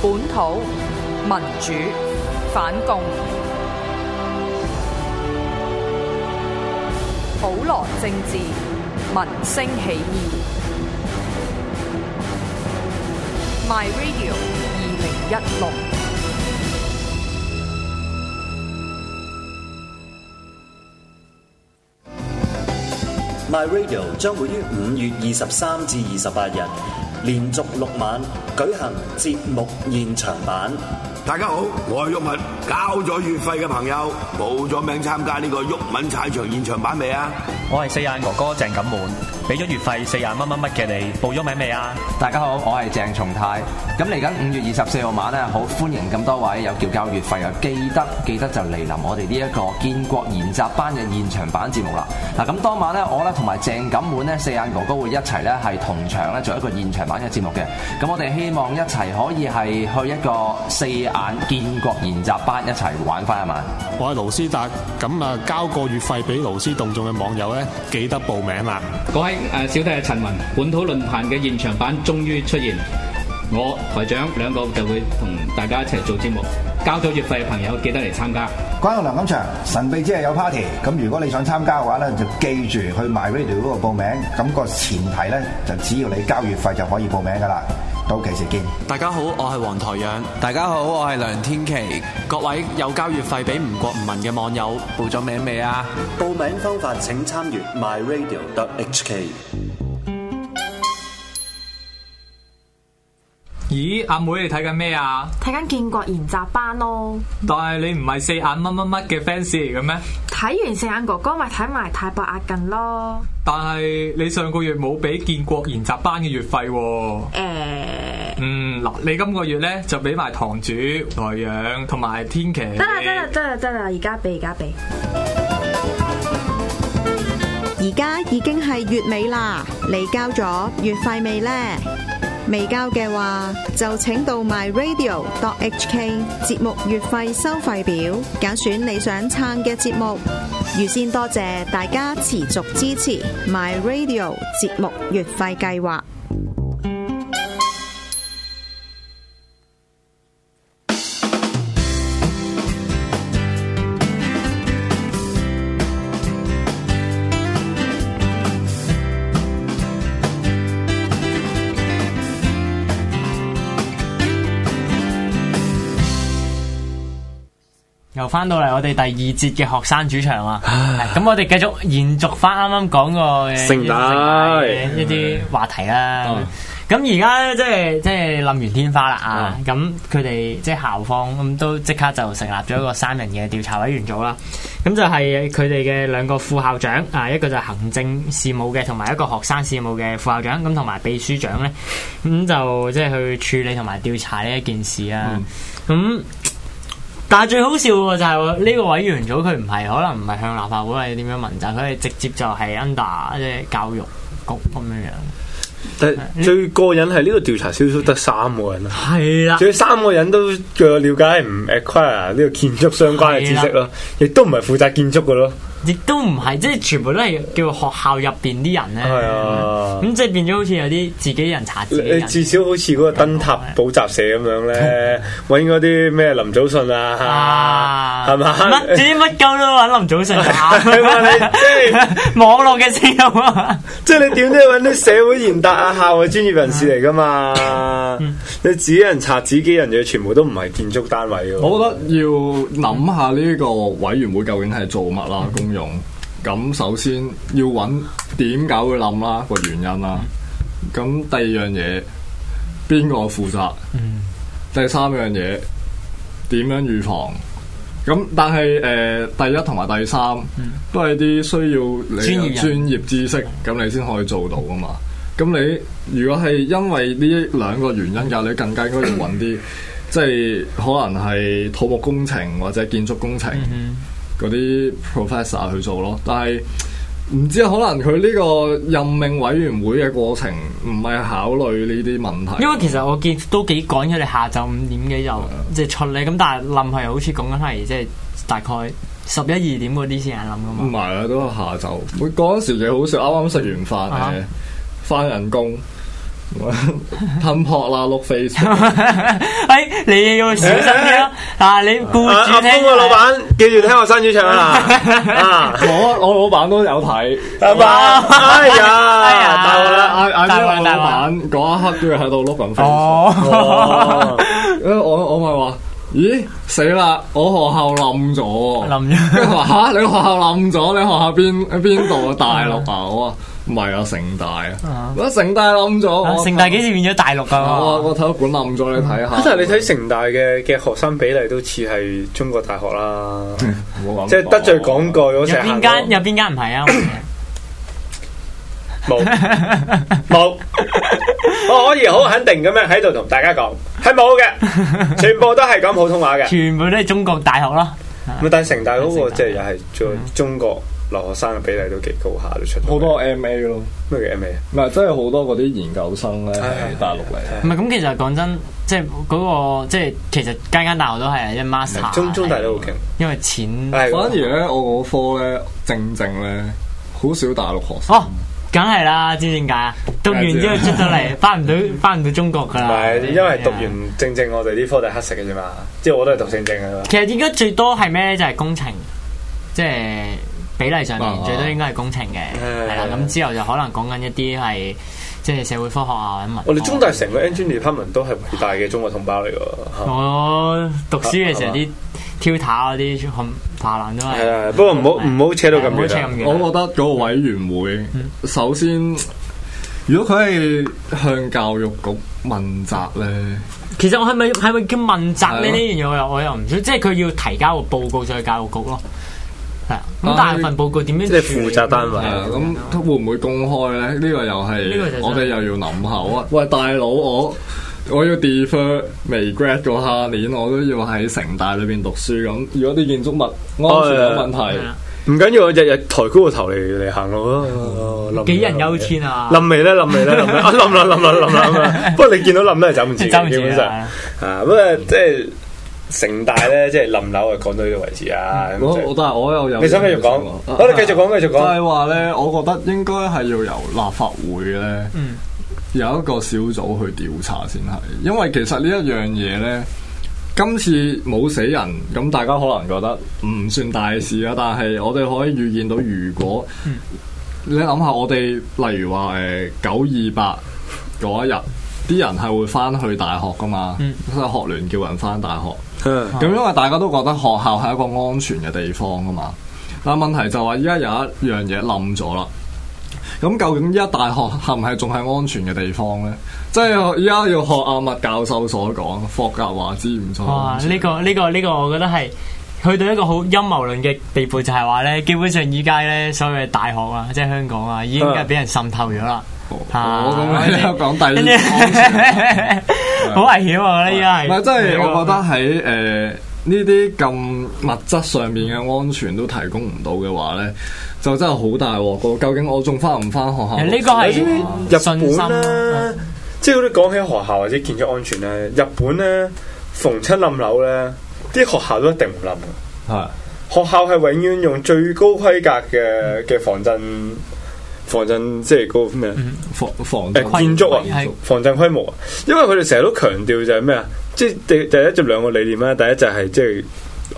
本土民主反共，普羅政治民聲起義。My Radio 二零一六。My Radio 將會於五月二十三至二十八日。連續六晚舉行節目現場版，大家好，我係毓民，交咗月費嘅朋友，冇咗名參加呢個毓民踩場現場版未啊？我係四眼哥哥鄭錦滿。俾咗月費四眼乜乜乜嘅你報咗名未啊？大家好，我係鄭松泰。咁嚟緊五月二十四號晚咧，好歡迎咁多位有繳交月費啊。記得記得就嚟臨我哋呢一個建國研習班嘅現場版節目啦。嗱，咁當晚咧，我咧同埋鄭錦滿咧四眼哥哥會一齊咧係同場咧做一個現場版嘅節目嘅。咁我哋希望一齊可以係去一個四眼建國研習班一齊玩翻一晚。我係盧思達，咁啊交個月費俾盧思動眾嘅網友咧，記得報名啦，各位。誒，小弟係陳雲，本土論壇嘅現場版終於出現，我台長兩個就會同大家一齊做節目。交咗月費嘅朋友記得嚟參加。關於梁錦祥神秘之夜有 party，咁如果你想參加嘅話咧，就記住去 MyRadio 度報名，咁個前提咧就只要你交月費就可以報名㗎啦。到期時見，大家好，我台。大家好，我係黃台陽。大家好，我係梁天琦。各位有交月費俾吳國吳民嘅網友，報咗名未啊？報名方法請參閱 myradio.hk。咦，阿妹你睇緊咩啊？睇緊建國研習班咯。但係你唔係四眼乜乜乜嘅 fans 嚟嘅咩？睇完四眼哥哥咪睇埋太白壓近咯。但係你上個月冇俾建國研習班嘅月費。誒，嗯嗱，你今個月咧就俾埋堂主、台陽同埋天奇。得啦得啦得啦得啦，而家俾而家俾。而家已經係月尾啦，你交咗月費未咧？未交嘅話，就請到 myradio.hk 節目月費收費表，揀選你想撐嘅節目。預先多謝大家持續支持 myradio 節目月費計劃。又翻到嚟我哋第二節嘅學生主場啊！咁 我哋繼續延續翻啱啱講過嘅一啲帶話題啦。咁而家咧即係即係冧完天花啦啊！咁佢哋即係校方咁都即刻就成立咗一個三人嘅調查委員組啦。咁就係佢哋嘅兩個副校長啊，一個就行政事務嘅，同埋一個學生事務嘅副校長。咁同埋秘書長咧，咁就即係去處理同埋調查呢一件事啊。咁、嗯嗯但係最好笑就係呢個委員組佢唔係，可能唔係向立法會係點樣問責，佢係直接就係 under 即係教育局咁樣樣。但係最過癮係呢個調查小組得三個人咯，係啦的，最三個人都據我了解唔 acquire 呢個建築相關嘅知識咯，亦都唔係負責建築嘅咯。亦都唔係，即係全部都係叫學校入邊啲人咧。係啊，咁即係變咗好似有啲自己人查自己人。你至少好似嗰個燈塔補習社咁樣咧，搵嗰啲咩林祖信啊，係嘛？乜啲乜鳩都搵林祖信，你，即係網絡嘅事啊。即係你點都要搵啲社會賢達啊，校嘅專業人士嚟噶嘛。你自己人查自己人嘢，全部都唔係建築單位。我覺得要諗下呢個委員會究竟係做乜啦？用咁，首先要揾，點解會冧啦個原因啦。咁、嗯、第二樣嘢邊個負責？嗯、第三樣嘢點樣預防？咁但係，誒、呃，第一同埋第三都係啲需要你專業知識，咁、嗯、你先可以做到噶嘛。咁你如果係因為呢兩個原因噶，你更加應該要搵啲、嗯、即係可能係土木工程或者建築工程。嗯嗯嗰啲 professor 去做咯，但係唔知可能佢呢個任命委員會嘅過程唔係考慮呢啲問題。因為其實我見都幾趕，佢哋下晝五點幾就是的 即係循例，咁但係諗係好似講緊係即係大概十一二點嗰啲先係諗噶嘛。唔係啊，都係下晝。佢嗰陣時就好似啱啱食完飯誒，返是的 的人工。吞破啦！碌 face，哎，你要小心啲啦！你顧住聽啊，老闆記住聽我新主持啊！我我老闆都有睇，係嘛？哎呀！但係阿阿阿老闆嗰一刻都要喺度碌緊 face。哦，我我咪話，咦，死啦！我學校冧咗，冧咗！跟住話吓，你學校冧咗？你學校邊喺邊度啊？大樂寶啊！唔係啊，城大啊，我，我看看啊，城大冧咗。城大幾時變咗大陸啊？我我睇到管冧咗，你睇下。但係你睇城大嘅嘅學生比例都似係中國大學啦，即係、啊、得罪廣告有邊間有邊間唔係啊？冇冇，我可以好肯定咁樣喺度同大家講，係冇嘅，全部都係講普通話嘅，全部都係中國大學啦。但係城大嗰個即係又係在中國。留學生嘅比例都幾高下，都出好多 M A 咯，咩叫 M A 啊？唔係，真係好多嗰啲研究生，咧喺大陸嚟。唔係，咁其實講真，即係嗰個，即係其實間間大學都係一 master，中大都好勁。因為錢，反而咧我我科咧正正咧好少大陸學生。哦，梗係啦，知唔知點解啊？讀完之後出到嚟，翻唔到翻唔到中國噶啦。唔係，因為讀完正正我哋啲科就係黑色嘅啫嘛，即係我都係讀正正嘅。其實應該最多係咩咧？就係工程，即係。比例上面最多應該係工程嘅，係啦，咁之後就可能講緊一啲係即係社會科學啊，咁文。我哋中大成個 engineering 都係偉大嘅中國同胞嚟噶。我讀書嘅時候啲挑塔嗰啲爬爬難都係。係啊，不過唔好唔好扯到咁遠。我覺得嗰個委員會首先，如果佢係向教育局問責咧，其實我係咪係咪叫問責咧呢樣嘢？我又唔知，即係佢要提交個報告再去教育局咯。咁大份報告點樣即係負責單位啊？咁會唔會公開咧？呢個又係，我哋又要諗下。喂，大佬，我我要 defer 未 grad 個下年，我都要喺城大裏邊讀書。咁如果啲建築物安全有問題，唔緊要，我日日抬高個頭嚟嚟行路咯。杞人憂天啊？冧未咧？冧未咧？冧冧不過你見到冧咧，走唔切。啊，不過即係。城大咧即係臨樓啊，講到呢個位置啊！我都係我又又你想繼續講，我哋、哦、繼續講，啊、繼續講。係話咧，我覺得應該係要由立法會咧、嗯、有一個小組去調查先係，因為其實呢一樣嘢咧，今次冇死人，咁大家可能覺得唔算大事啊。但係我哋可以預見到，如果、嗯、你諗下，我哋例如話誒九二八嗰一日，啲人係會翻去大學噶嘛？即係、嗯、學聯叫人翻大學。咁因為大家都覺得學校係一個安全嘅地方啊嘛，但係問題就話依家有一樣嘢冧咗啦。咁究竟依家大學係唔係仲係安全嘅地方呢？即係依家要學阿麥教授所講，霍格華茲唔錯。哇，呢個呢個呢個，這個這個、我覺得係去到一個好陰謀論嘅地步，就係話呢，基本上依家呢所謂大學啊，即係香港啊，已經係俾人滲透咗啦。好咁樣講第二， 對好危險啊！呢啲係咪真係？我覺得喺誒呢啲咁物質上面嘅安全都提供唔到嘅話咧，就真係好大鑊。個究竟我仲翻唔翻學校？呢個喺、啊、日本咧，啊、即係我哋講起學校或者建築安全咧，日本咧逢親冧樓咧，啲學校都一定唔冧嘅。係的學校係永遠用最高規格嘅嘅防震。防震即係嗰個咩啊、嗯？防防欸建築啊，防震規、欸、範模啊。是因為佢哋成日都強調就係咩啊，即係第第一就兩、是就是、個理念啦。第一就係即係。就是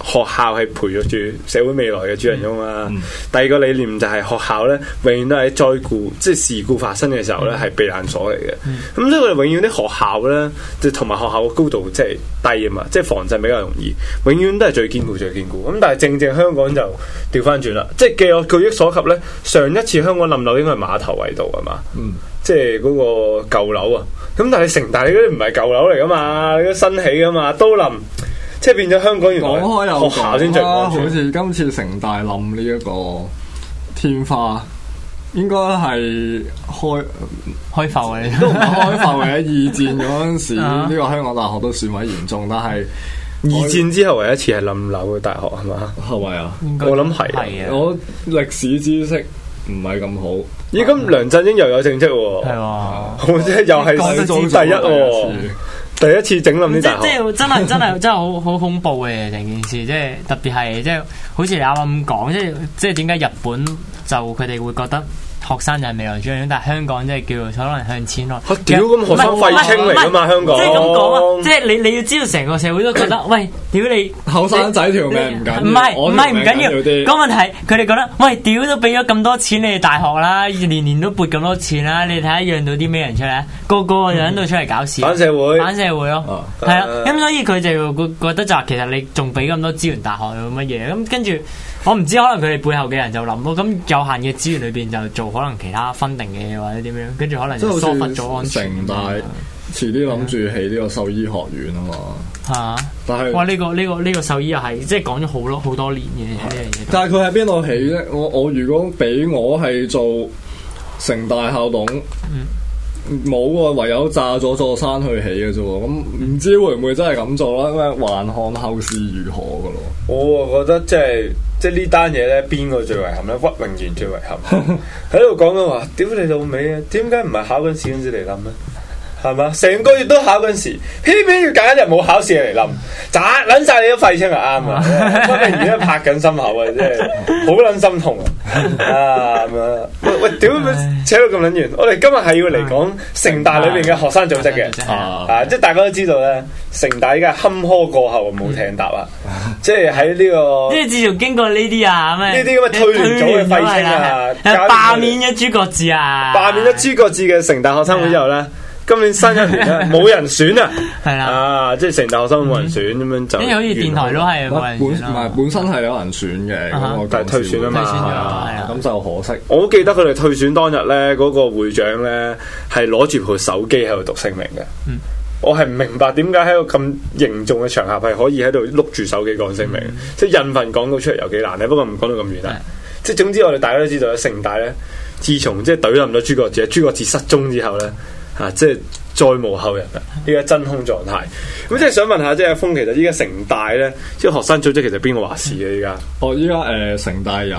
學校係培育住社會未來嘅主人翁啊！嗯、第二個理念就係學校咧，永遠都係災故，即、就、係、是、事故發生嘅時候咧係、嗯、避難所嚟嘅。咁、嗯嗯嗯、所以我哋永遠啲學校呢，就同埋學校嘅高度即係低啊嘛，即、就、係、是、防震比較容易。永遠都係最堅固最堅固。咁、嗯、但係正正香港就調翻轉啦，即係據我記憶所及呢。上一次香港冧樓應該係碼頭位度係嘛？即係嗰個舊樓啊。咁但係城大嗰啲唔係舊樓嚟噶嘛，都新起噶嘛都冧。即係變咗香港原來，講開又講啦，好似今次城大冧呢一個天花，應該係開、呃、開埠嚟，都 開埠喺二戰嗰陣時，呢 個香港大學都算唔算嚴重。但係二戰之後，唯一一次係冧樓嘅大學係嘛？係咪應該 啊？啊，我諗係，我歷史知識唔係咁好。咦的，咁梁振英又有政績喎？係啊的，即係又係做到第一。第一次整冧啲即係真係真係真係好好恐怖嘅成 件事，即係特別係即係好似你啱啱咁講，即係即係點解日本就佢哋會覺得？學生就係未來精英，但係香港真係叫做可能向錢看。屌咁學生廢青嚟㗎嘛香港。即係咁講啊，即係你你要知道成個社會都覺得喂，屌你後生仔條命唔緊唔係唔係唔緊要。個問題佢哋覺得喂屌都俾咗咁多錢你哋大學啦，年年都撥咁多錢啦，你睇下養到啲咩人出嚟？個個又喺度出嚟搞事。反社會反社會咯，係啊，咁所以佢就覺得就話其實你仲俾咁多資源大學做乜嘢？咁跟住。我唔知，可能佢哋背後嘅人就諗咯，咁有限嘅資源裏邊就做可能其他分定嘅嘢，或者點樣，跟住可能就疏忽咗安全。成大，遲啲諗住起呢個獸醫學院啊嘛。吓、啊！但係是哇，呢、這個呢、這個呢、這個獸醫又係即係講咗好多，好多年嘅呢樣嘢。啊、但係佢喺邊度起啫？我我如果俾我係做成大校董。嗯冇啊，唯有炸咗座山去起嘅啫喎，咁唔知會唔會真係咁做啦？咁啊，還看後事如何噶咯。我啊覺得即係即係呢單嘢咧，邊個最遺憾咧？屈永賢最遺憾，喺度講緊話，屌你老味啊！點解唔係考緊試先至嚟諗咧？係嘛？成個月都考嗰陣時，偏偏要揀一日冇考試嚟諗，渣捻晒你都廢青咪啱啊！真係而家拍緊心口啊，真係好捻心痛啊！喂喂，屌，扯到咁捻遠！我哋今日係要嚟講城大裏邊嘅學生組織嘅，啊，即係大家都知道咧，城大依家坎坷過後冇艇搭啊，即係喺呢個，即係自從經過呢啲啊咩，呢啲咁嘅退聯組嘅廢青啊，罷免咗朱國治啊，罷免咗朱國治嘅、啊、城大學生會之後咧。今年新一年冇人選啊，係啦，啊即係成大學生冇人選咁樣就，因為好似電台都係本身係有人選嘅，但係退選啊嘛，咁就可惜。我好記得佢哋退選當日咧，嗰個會長咧，係攞住部手機喺度讀聲明嘅，我係唔明白點解喺個咁凝重嘅場合係可以喺度碌住手機講聲明，即係印份廣告出嚟有幾難咧？不過唔講到咁遠啦，即係總之我哋大家都知道咧，成大咧自從即係懟冧咗朱國治，朱國治失蹤之後咧。啊！即係再無後日啦，依家真空狀態。咁即係想問下，即係阿峰，其實依家城大咧，即係學生組織，其實邊個話事嘅依家？哦，依家誒，城大有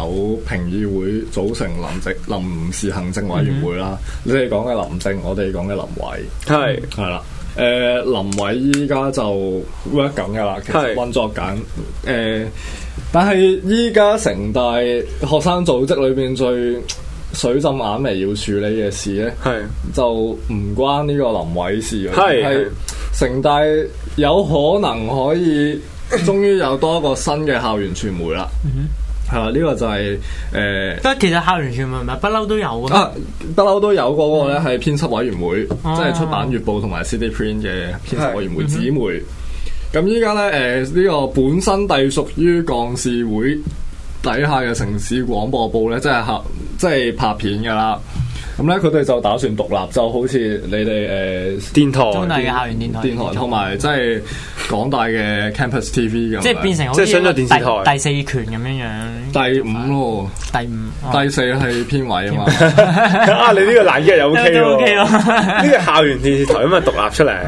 評議會組成林政臨時行政委員會啦。嗯、你哋講嘅林政，我哋講嘅林偉，係係啦。誒、嗯呃，林偉依家就 work 緊噶啦，其實運作緊。誒的、呃，但係依家城大學生組織裏邊最。水浸眼眉要處理嘅事咧，是就唔關呢個林偉事嘅，係城是大有可能可以終於有多一個新嘅校園傳媒啦，係啦、嗯哼，呢、啊這個就係、是、誒，呃、但其實校園傳媒唔係不嬲都有嘅，不嬲、啊、都有嗰個咧係編輯委員會，嗯、哼即係出版月報同埋 CD Print 嘅編輯委員會紙媒，咁依家呢，誒、呃、呢、這個本身隸屬於幹事會。底下嘅城市廣播部咧，即係合，即係拍片噶啦。咁咧，佢哋就打算獨立，就好似你哋誒、呃、電台，中大嘅校園電台，同埋台台即係港大嘅 campus TV 咁，即係變成即係相當於第四權咁樣樣，第五咯，第五，哦、第四係編委啊嘛。啊，你呢個難嘅又 OK 咯，呢個可、啊、 校園電視台咁咪獨立出嚟。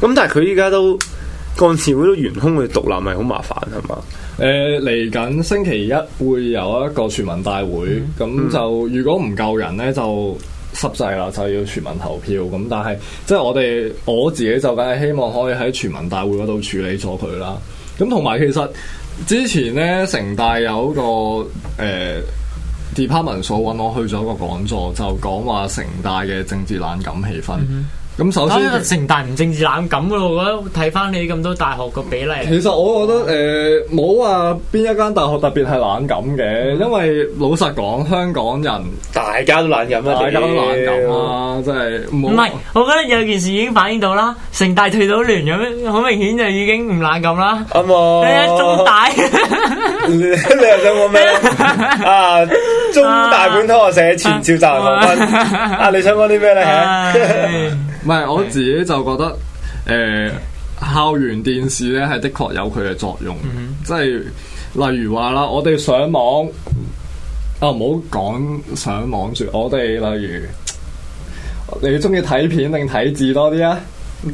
咁 但係佢依家都。幹事會都懸空去獨立咪好麻煩係嘛？誒，嚟緊星期一會有一個全民大會，咁、嗯、就如果唔夠人咧就濕滯啦，就要全民投票。咁但係即係我哋我自己就梗係希望可以喺全民大會嗰度處理咗佢啦。咁同埋其實之前咧城大有個誒、呃、department 所揾我去咗一個講座，就講話城大嘅政治冷感氣氛。嗯咁首先，城大唔政治冷感咯，我覺得睇返你咁多大學個比例。其實我覺得誒，冇話邊一間大學特別係冷感嘅，因為老實講，香港人大家都冷感啊，大家都冷感啊，真係唔係。我覺得有件事已經反映到啦，城大退到聯咁，好明顯就已經唔冷感啦。咁啊，中大，你又想講咩啊？中大本土學社前召集人，啊，你想講啲咩咧？唔係，我自己就覺得，誒、呃，校園電視咧係的確有佢嘅作用，mm hmm. 即係例如話啦，我哋上網，啊、哦，唔好講上網住，我哋例如，你中意睇片定睇字多啲啊？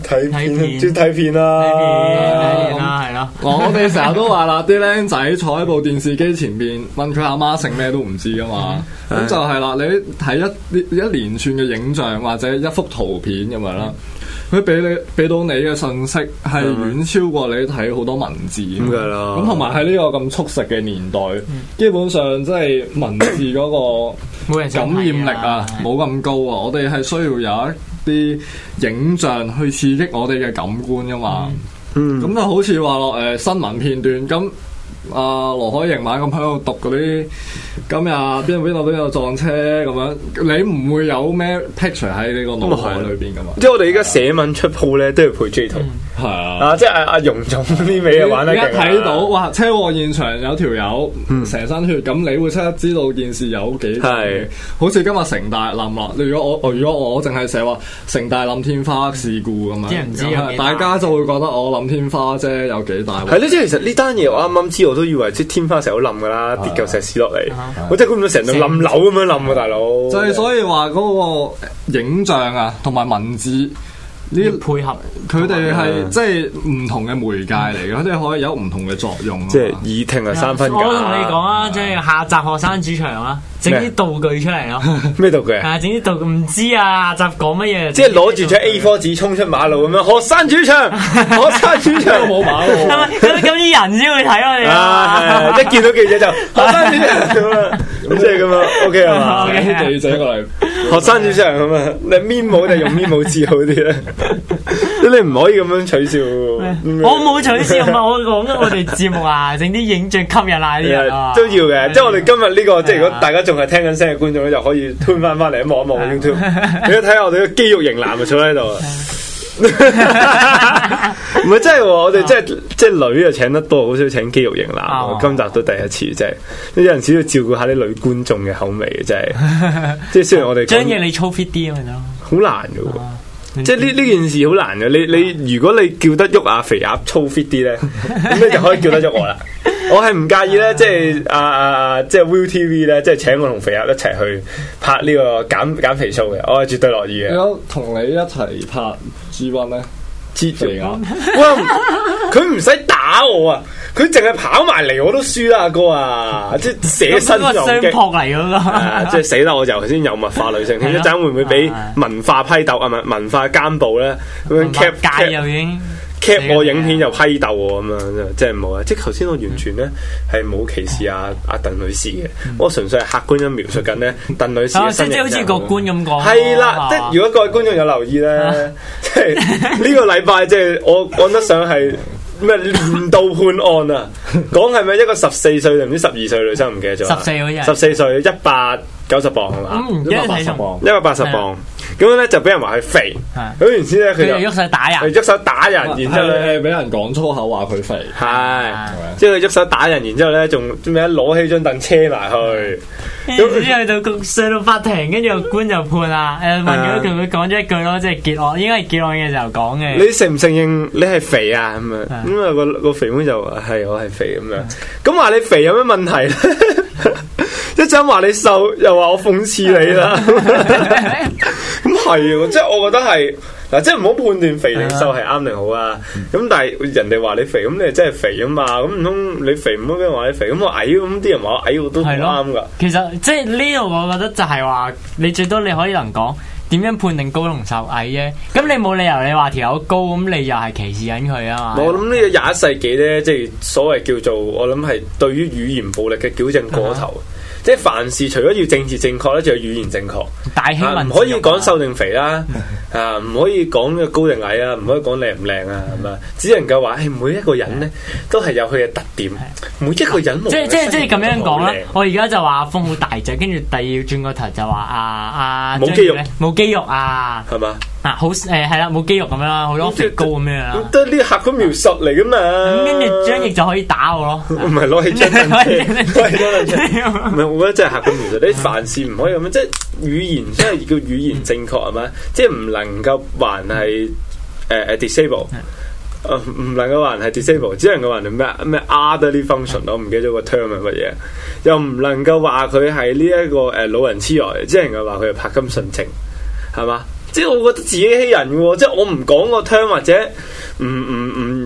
睇片，接睇片啦！睇片，睇片啦，係咯。我哋成日都話啦，啲僆仔坐喺部電視機前面問佢阿媽姓咩都唔知㗎嘛。咁就係啦，你睇一一連串嘅影像或者一幅圖片咁樣啦，佢俾你俾到你嘅信息係遠超過你睇好多文字咁噶啦。咁同埋喺呢個咁速食嘅年代，基本上即係文字嗰個感染力啊，冇咁高啊。我哋係需要有一啲影像去刺激我哋嘅感官噶嘛嗯，嗯，咁就好似話，誒、呃，新聞片段咁。阿羅、啊、海盈買咁喺度讀嗰啲，今日邊度邊度邊度撞車咁樣，你唔會有咩 picture 喺呢個腦海裏邊噶嘛？嗯、即係我哋而家寫文出鋪咧，都要配截圖，係啊，即係阿阿容總呢味嘅玩得勁。一睇到哇車禍現場有條友成身血，咁你會即刻知道件事有幾大？係的，好似今日城大冧啦，你如果我如果我淨係寫話城大冧天花事故咁樣，大家就會覺得我冧天花啫，嗯嗯、花有幾大？係呢，即係其實呢單嘢我啱啱知道。我都以為即天花成日都冧㗎啦，的跌嚿石屎落嚟，我真係估唔到成日都冧樓咁樣冧啊，的大佬哥！就係所以話嗰個影像啊，同埋文字。呢啲配合，佢哋係即係唔同嘅媒介嚟嘅，即係可以有唔同嘅作用，即係耳聽係三分假。我同你講啊，即係是的 下集學生主場啊，整啲道具出嚟咯。咩道具啊？整 啲道具，唔知啊。下集講乜嘢？即係攞住張 A4 紙衝出馬路咁樣。學生， 學生主場，學生主場冇 馬路。咁咁啲人先會睇我哋啊！一見到記者就 學生主場。 咁即係咁啊，OK 啊嘛，就要做一嚟。學生主場咁啊，你面冇就用面冇字好啲咧？你唔可以咁樣取笑。我冇取笑，啊我講緊我哋節目啊，整啲影像吸引下啲人啊。都要嘅，即係我哋今日呢個，即係如果大家仲係聽緊聲嘅觀眾咧，就可以 turn 翻翻嚟望一望 YouTube 你睇下我哋嘅肌肉型男咪坐喺度。唔係 真係、哦，我哋即係、啊、即係女又請得多，好少請肌肉型男。今集都第一次，即係有陣時要照顧下啲女觀眾嘅口味，真係。即係雖然我哋張嘢你粗 fit 啲咪得咯，好難噶。啊、即係呢呢件事好難噶。你你、啊、你如果你叫得喐阿、啊、肥鴨粗 fit 啲咧，咁 你就可以叫得喐我啦。我係唔介意咧，即係啊啊，啊，啊，啊，啊，即係 ViuTV 咧，即係請我同肥鴨一齊去拍呢個減減肥操嘅，我係絕對樂意嘅。有同你一齊拍。 輸翻咧，黐條眼，哇！佢唔使打我啊，佢淨係跑埋嚟，我都輸啦，阿哥啊，即係寫身上撲嚟咁咯，即係死喇，我就頭先有物化女性， 一陣會唔會俾文化批鬥啊？文 文化監捕咧，cap 界又已經。c 我影片又批鬥我咁樣，即係冇啊！即係頭先我完全咧係冇歧視阿阿鄧女士嘅，我純粹係客觀咁描述緊咧鄧女士嘅身。即係好似個官咁講。係啦，即係如果各位觀眾有留意咧，即係呢個禮拜即係我講得上係咩年度判案啊？講係咪一個十四歲定唔知十二歲女生唔記得咗？十四歲，十四歲一百九十磅係嘛？一百八十磅，一百八十磅。咁樣咧就俾人話佢肥，咁原先咧佢又喐手打人，佢喐手打人，然之後咧俾人講粗口話佢肥，係，即係佢喐手打人，然之後咧仲咩攞起張凳車埋去，咁之後到上到法庭，跟住個官就判啦，誒問佢同佢講咗一句咯，即係結案，應該係結案嘅時候講嘅，你承唔承認你係肥啊咁樣，咁啊個個肥妹就話係我係肥咁樣，咁話你肥有咩問題咧？ 一陣話你瘦，又話我諷刺你啦。咁 係的， 即係我覺得係嗱，即係唔好判斷肥定瘦係啱定好啊。咁的、嗯、但係人哋話你肥，咁你真係肥啊嘛。咁唔通你肥唔好俾人話你肥，咁我矮咁啲人話我，我矮，我都好啱噶。其實即係呢度，我覺得就係話你最多你可以能講。點樣判定高同受矮啫？咁你冇理由你話條友高，咁你又係歧視緊佢啊嘛？我諗呢個廿一世紀咧，即係所謂叫做我諗係對於語言暴力嘅矯正過頭。Uh huh. 即係凡事，除咗要政治正確咧，就要語言正確。大氣文、啊，唔可以講瘦定肥啦， 啊唔可以講嘅高定矮啦，唔可以講靚唔靚啊咁啊， 只能夠話係每一個人咧都係有佢嘅特點，每一個人。即係即係即係咁樣講啦。我而家就話風好大隻，跟住第二轉個頭就話啊啊冇肌肉，冇肌肉啊。係嘛？好，誒係啦，冇、嗯嗯、肌肉咁樣啦，好多肥高咁樣啦，都、嗯、啲客觀描述嚟噶嘛。咁跟住張翼就可以打我咯。唔係攞起張，唔係 我覺得真係客觀描述。 你凡事唔可以咁樣，即係語言真係叫語言正確係嘛？ 即係唔能夠話係誒誒 disable，唔能夠話係 disable，只能夠話咩咩 under the function， 我唔記得咗個 term 係乜嘢。又唔能夠話佢係呢一個誒老人痴呆，只能夠話佢係柏金純情，係嘛？即係我覺得自欺欺人嘅，即係我唔講個 term 或者唔唔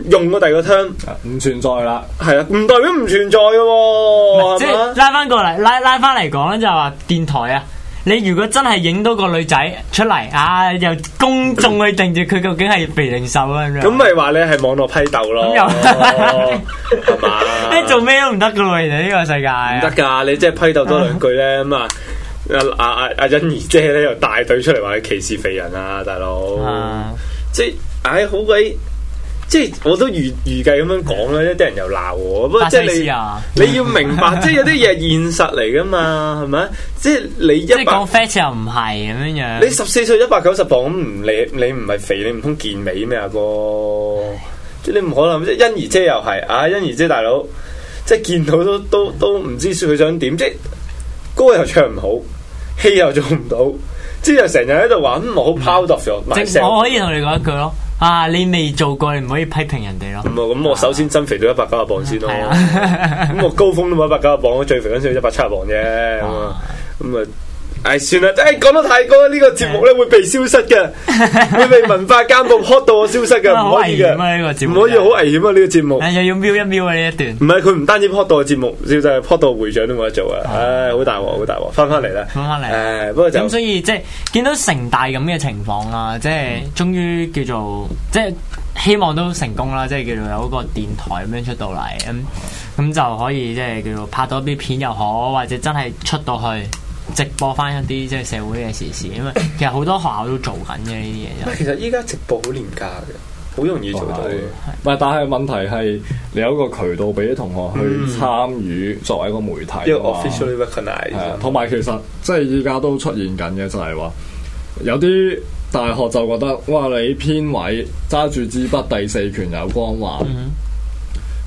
唔用個第二個 term，唔存在啦，係啊，唔代表唔存在嘅，哦。是吧即係拉翻過嚟，拉拉翻嚟講咧，就話、是、電台啊，你如果真係影到個女仔出嚟啊，又公眾去定住佢 究竟係肥定瘦啊咁樣，咁咪話你係網絡批鬥咯，係嘛？你做咩都唔得噶啦，其實呢，這個世界唔得噶，你即係批鬥多兩句咧咁啊！ 阿阿阿欣怡姐咧又帶隊出嚟話佢歧視肥人啊，大佬！啊、即係唉、哎，好鬼即係我都預預計咁樣講啦，一啲人又鬧我。啊、不過即係你你要明白， 即係有啲嘢係現實嚟噶嘛，係咪？即係你一百，即又唔係咁樣。你十四歲一百九十磅咁，唔你你唔係肥，你唔通健美咩阿、哎啊、哥，即係你唔可能。欣怡姐又係啊，欣怡姐大佬，即係見到都都都唔知說佢想點，即係歌又唱唔好。氣又做唔到，之後成日喺度玩，搵、嗯，好拋得咗。我可以同你講一句咯，嗯、啊，你未做過，你唔可以批評人哋咯。咁我首先增肥到一百九十磅先咯。咁 我高峰都冇一百九十磅，我最肥嗰陣時一百七十磅啫。咁啊哇，咁啊。係算啦，誒，講得太多呢個節目咧，會被消失嘅，會被文化監部 cut 到我消失嘅，唔可以嘅，唔可以，好危險啊！呢個節目誒，又要瞄一瞄啊！呢一段唔係，佢唔單止 cut 到個節目，就係 cut 到會長都冇得做啊！唉，好大鑊，好大鑊，返返嚟啦，返返嚟。誒，不過就咁，所以即係見到城大咁嘅情況啦，即係終於叫做即係希望都成功啦，即係叫做有一個電台咁樣出到嚟，咁咁就可以即係叫做拍到啲片又好，或者真係出到去。直播翻一啲即係社會嘅時事，因為其實好多學校都做緊嘅呢啲嘢。 其實依家直播好廉價嘅，好容易做到對。嘅對。係，但係問題係你有一個渠道俾啲同學去參與，嗯、作為一個媒體。一個 officially recognise 同埋其實即係依家都出現緊嘅，就係話有啲大學就覺得哇，你編委揸住支筆第四權有光環，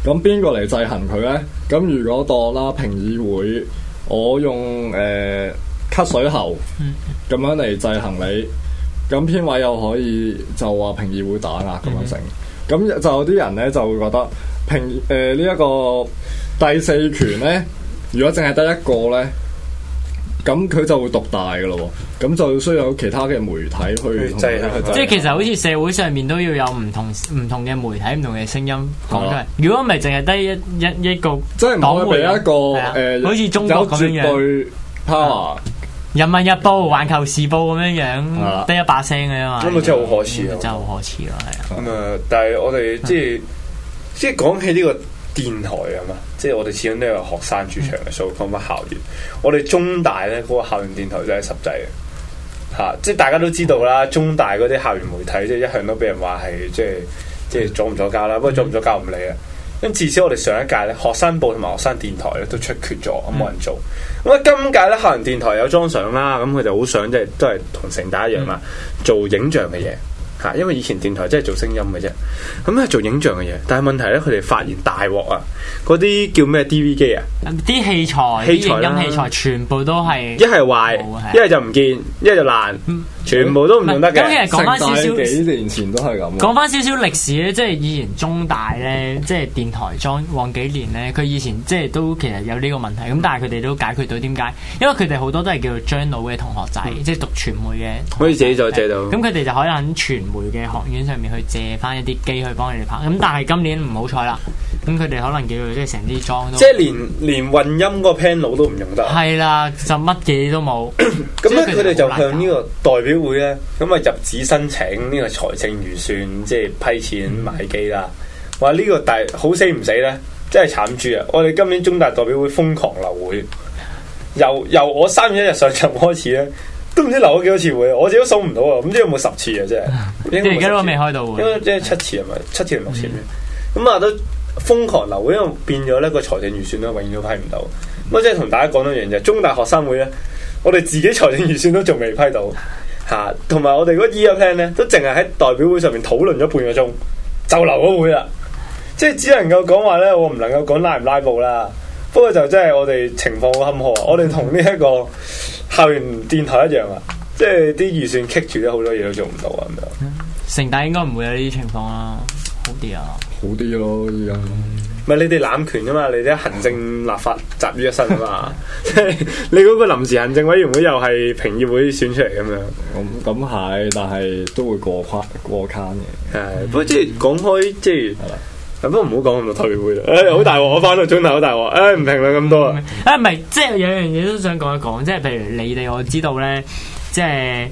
咁邊個嚟制衡佢咧？咁如果當啦評議會？我用誒吸、呃、水喉咁樣嚟製行李，咁編、嗯嗯、委又可以就話評議會打壓咁樣成，咁、嗯、就有啲人咧就會覺得評誒呢一個第四權咧，如果淨係得一個咧。咁佢就會獨大嘅咯，咁就需要有其他嘅媒體去，即係即係其實好似社會上面都要有唔同唔同嘅媒體、唔同嘅聲音講出嚟。如果唔係淨係得一一一個，即係講俾一個誒，好似中國咁樣樣，有絕對 power，人民日報《環球時報》咁樣樣，得一把聲嘅吖嘛。咁咪真係好可恥，真係好可恥咯，係啊。咁啊，但係我哋即係即係講起呢個。電台啊嘛，即係我哋始終都有學生主場嘅，嗯，所以講返校園，我哋中大咧嗰，那個校園電台都係實際嘅。吓、啊，即係大家都知道啦，中大嗰啲校園媒體即係一向都俾人話係即係即係左唔左交啦，嗯，不過左唔左交唔理啊，咁、嗯、至少我哋上一屆咧學生部同埋學生電台咧都出缺咗，咁冇人做，咁啊、嗯、今屆咧校園電台有裝相啦，咁佢就好想即、就、係、是、都係同城大一樣嘛，嗯、做影像嘅嘢。因為以前電台真係做聲音嘅啫，咁係做影像嘅嘢。但係問題咧，佢哋發現大鑊啊，嗰啲叫咩 DV 機啊，啲器材，器材啦，器材全部都係一係壞，一係是的 就唔見，一係就爛，嗯、全部都唔得嘅。咁、嗯、其實講翻少少，幾年前都係咁。講翻少少歷史咧，即係以前中大咧，即係電台裝往幾年咧，佢以前即係都其實有呢個問題。咁但係佢哋都解決到點解？因為佢哋好多都係叫做 journal 嘅同學仔，嗯、即係讀傳媒嘅，可以自己再借到。咁佢哋就可能傳。會嘅學院上面去借翻一啲機去幫佢哋拍，咁但係今年唔好彩啦，咁佢哋可能叫做即係成啲裝都即係連連混音個 panel 都唔用得，係啦，就乜嘢都冇。咁咧佢哋就向呢個代表會咧，咁啊入紙申請呢個財政預算，即係批錢買機啦。話呢、嗯呢個大好死唔死咧，真係慘豬啊！我哋今年中大代表會瘋狂流會，由由我三月一日上場開始咧。都唔知流咗幾多次會，我自己都數唔到啊！唔知有冇十次啊？即係、啊，而家都未開到，應該即係七次係咪對？七次定六次嘅？咁啊都瘋狂流會，因為變咗呢個財政預算咧永遠都批唔到。咁啊即係同大家講一樣嘢，中大學生會咧，我哋自己財政預算都仲未批到吓，同、啊、埋我哋嗰 Year Plan 咧都淨係喺代表會上面討論咗半個鐘就流咗會啦。即係只能夠講話咧，我唔能夠講拉唔拉布啦。不過就真係我哋情況好坎坷，我哋同呢一個。校園電台一樣、嗯、一啊，即係啲預算棘住咗，好多嘢都做唔到啊咁樣。城大應該唔會有呢啲情況啦，好啲啊，好啲咯而家。唔係你哋攬權啊嘛，你哋行政立法集於一身啊嘛，即係、嗯、 你嗰個臨時行政委員會又係評議會選出嚟咁樣。咁咁係，但係都會過框過坎嘅。係是，嗯、不過即係講開即係。嗯咁都唔好講咁多退會啦！哎、欸，好大鑊，我返到中大好大鑊，哎唔評論咁多啊、嗯嗯！啊，唔係，即係有樣嘢都想講一講，即係譬如你哋我知道咧，即係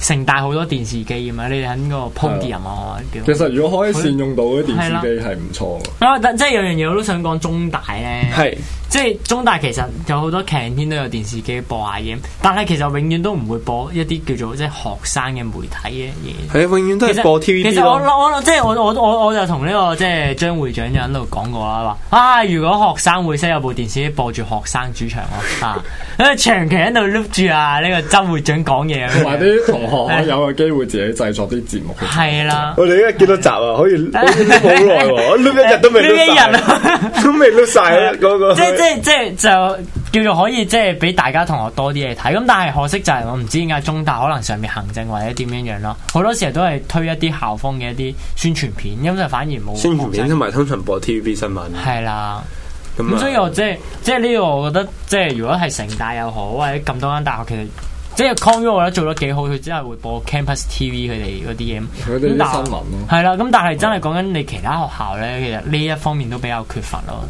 城大好多電視機噶嘛，你哋喺個 podium 啊其實如果開線用到啲電視機係唔錯嘅。啊、嗯嗯，即係有樣嘢我都想講中大咧。係。即係中大，其實有好多劇情片都有電視機播下嘅，但係其實永遠都唔會播一啲叫做即係學生嘅媒體嘅嘢。係、欸、永遠都係播 TVB 其，其實我我即係我我我我就同呢、這個即係張會長就喺度講過啦，話啊如果學生會室有部電視播住學生主場咯 啊，咁長期喺度 look 住啊呢、這個周會長講嘢，同埋啲同學有個機會自己製作啲節目。係啦的，我哋依家幾多集啊？可以好耐、啊，我 l 一日都未一日都未晒個。 就是即係即係就叫做可以即係俾大家同學多啲嘢睇，咁但係可惜就係我唔知點解中大可能上面行政或者點樣樣咯，好多時候都係推一啲校方嘅一啲宣傳片，咁就反而冇。宣傳傳片同埋通常播 TVB 新聞。係啦，咁麼所以我即係即係呢個我覺得即係如果係城大又好或者咁多間大學其實即係康 U 我覺得做得幾好，佢真係會播 Campus TV 佢哋嗰啲嘢，咁、啊、但係係啦，咁但係真係講緊你其他學校咧，其實呢一方面都比較缺乏咯。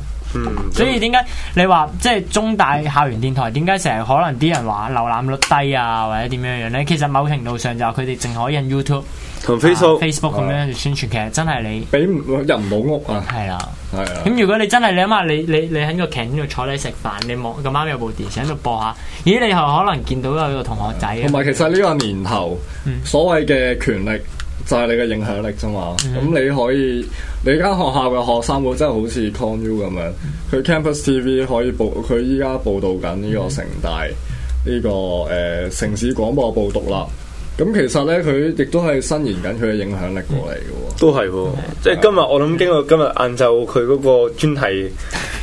嗯、所以點解、嗯、你話即係中大校園電台點解成日可能啲人話瀏覽率低啊或者點樣樣咧？其實某程度上就佢哋淨可以印 YouTube 同 Facebook Facebook 咁樣嚟宣傳，啊、其實真係你俾入唔到屋啊，係啦、嗯，係啦。咁的、嗯、如果你真係你諗下，你你你喺個劇度坐低食飯，你望咁啱有部電視喺度播下，咦你係可能見到有個同學仔。同埋的其實呢個年頭，所謂嘅權力。嗯就係你嘅影響力啫嘛，咁、mm hmm. 嗯、你可以你間學校嘅學生會真係好似 Con U 咁樣，佢 Campus TV 可以報佢依家報導緊呢個城大呢、mm hmm. 呢個誒、呃、城市廣播報導啦。咁、嗯、其實呢，佢亦都係伸延緊佢嘅影響力過嚟嘅喎。都係喎，的的即係今日我諗經過今日晏晝佢嗰個專題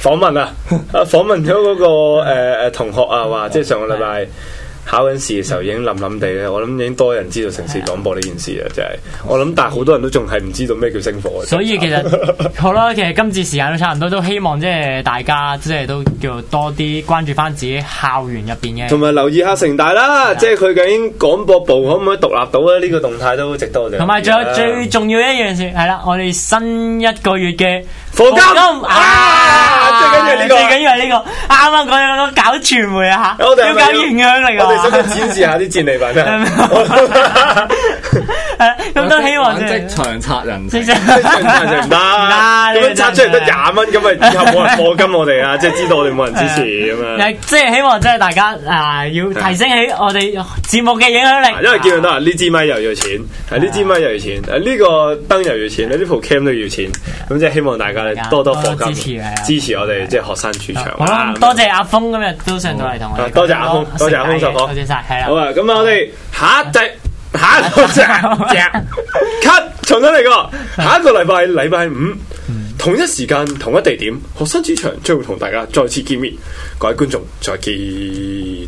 訪問啊，啊 訪問咗嗰、那個誒、 呃、同學啊，話即係上個禮拜的。考緊試嘅時候已經冧冧地啦，嗯、我諗已經多人知道城市廣播呢件事啦，就係的。我諗但係好多人都仲係唔知道咩叫星火。所以其實 好啦，其實今次時間都差唔多，都希望即係大家即係都叫多啲關注翻自己校園入邊嘅，同埋留意下城大啦，的即係佢究竟廣播部可唔可以獨立到咧？呢、這個動態都值得我哋。同埋仲有最重要一樣事係啦，我哋新一個月嘅。課金啊！最緊要呢個，最緊要呢個，啱啱講講搞傳媒啊吓，我哋要搞影響力㗎。我哋想展示下啲戰利品係咁，都希望即即場拆人，即場拆人唔得，咁樣拆出嚟得廿蚊，咁咪以後冇人課金我哋啊！即係知道我哋冇人支持咁樣。即係希望即係大家誒，要提升起我哋節目嘅影響力。因為見到呢支咪又要錢，係呢支咪又要錢，呢個燈又要錢，呢部 cam 都要錢，咁即係希望大家。多多支持，支持我哋即係學生主場。好啦，多謝阿峰今日都上到嚟，同我哋。多謝阿峰，多謝峰叔，多謝晒。係啦，好啊，咁啊，我哋下一集，下一個集，七，從新嚟個。下一個禮拜禮拜五，同一時間，同一地點，學生主場將會同大家再次見面。各位觀眾，再見。